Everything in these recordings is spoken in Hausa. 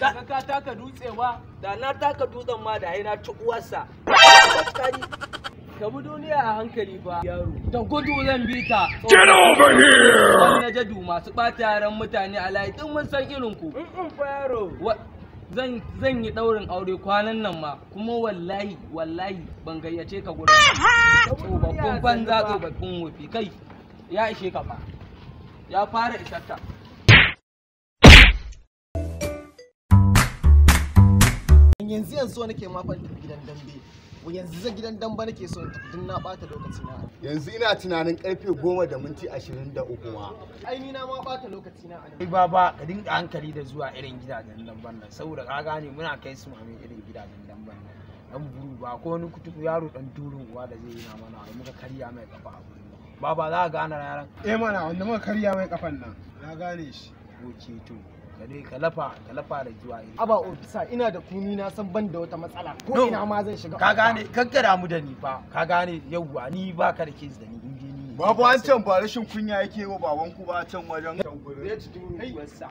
baka ka taka dutse ba da na taka dutsen ma da na ci uwarsa ka bi duniya a hankali ba yaro da gudu zan bi ta get over here wani na masu ɓata yaran mutane a layi tun mun san irin ku yaro zan zan yi daurin aure kwanan nan ma kuma wallahi wallahi ban gayyace ka gurin tsofaffin banza tsofaffin kai ya ishe ka fa ya fara isarta yanzu yanzu nake ma fanta gidan dambe yanzu za gidan damba nake so in na bata lokaci na yanzu ina tunanin karfe goma da minti ashirin da ma ai ni na ma bata lokaci na ai baba ka dinga hankali da zuwa irin gidajen damban nan saboda ka gane muna kai su mu irin gidajen damban nan dan buru ba ko wani kutubu yaro dan durin uwa da zai yi na mana ai muka karya mai kafa a gurin baba za ka gane yaran eh mana wanda muka karya mai kafan nan na gane shi ko ceto gare ka lafa ka lafa da giwa ina aba ofisa ina da kuni na san ban da wata matsala ko ina ma zan shiga ka gane kaggara mu da ni fa ka gane yauwa ni ba ka da kes da ni inji ni babu an can ba rashin kunya yake wa baban ku ba can wajen kangurin ya ci duru wasa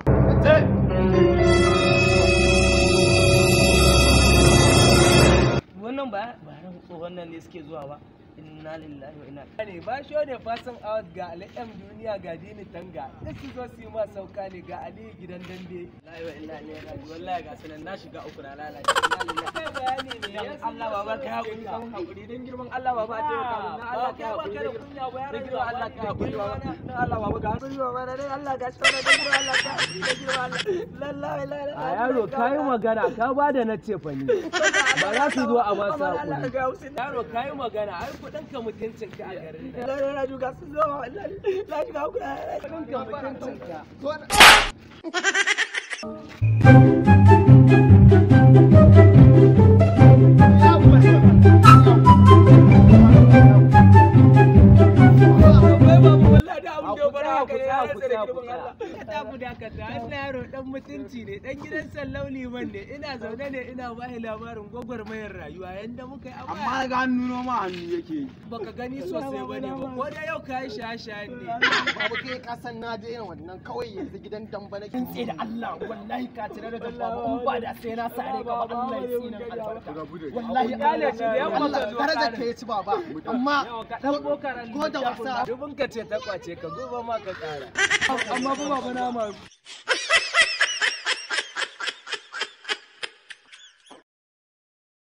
wannan ba ba tsohon nan ne suke zuwa ba inna lillahi wa inna ilaihi ne ba sho ne fasin out ga al'am duniya ga dini tanga duk zo su yi ma sauka ne ga ali gidan dande la ilaha illa ne wallahi ga sanan na shiga uku na lalace kai bayani ne dan Allah baba kai hakuri kan hakuri dan girman Allah baba ta ka mun Allah kai hakuri dan girman Allah ka hakuri baba dan Allah baba ga hakuri baba dan Allah ga sanan dan girman Allah ka dan girman Allah la ilaha illa a yaro kai magana ka bada na ce fani ba za su zo a ba su hakuri yaro kai magana ai aku dan kau mungkin cengkak agar ini. Ya. Lah juga sudah lah. Lah juga aku dah. Kau kau mungkin cengkak. Thank you. ka ta mu dakata wannan yaro dan mutunci ne dan gidan sallau liman ne ina zaune ne ina ba shi labarin mayar rayuwa yanda muka yi amma amma ga hannu ma hannu yake baka gani sosai bane ba ko da yau kai shashaye ne babu kai kasan na je irin wannan kawai yanzu gidan damba nake tsaye da Allah wallahi ka tare da Allah ba da sai na sare ka ba Allah ya sina wallahi Allah shi da yawa ka zuwa daraja ka baba amma ko da wasa dubin ka ce ta kwace ka ma ka kara I'm ba ba na ma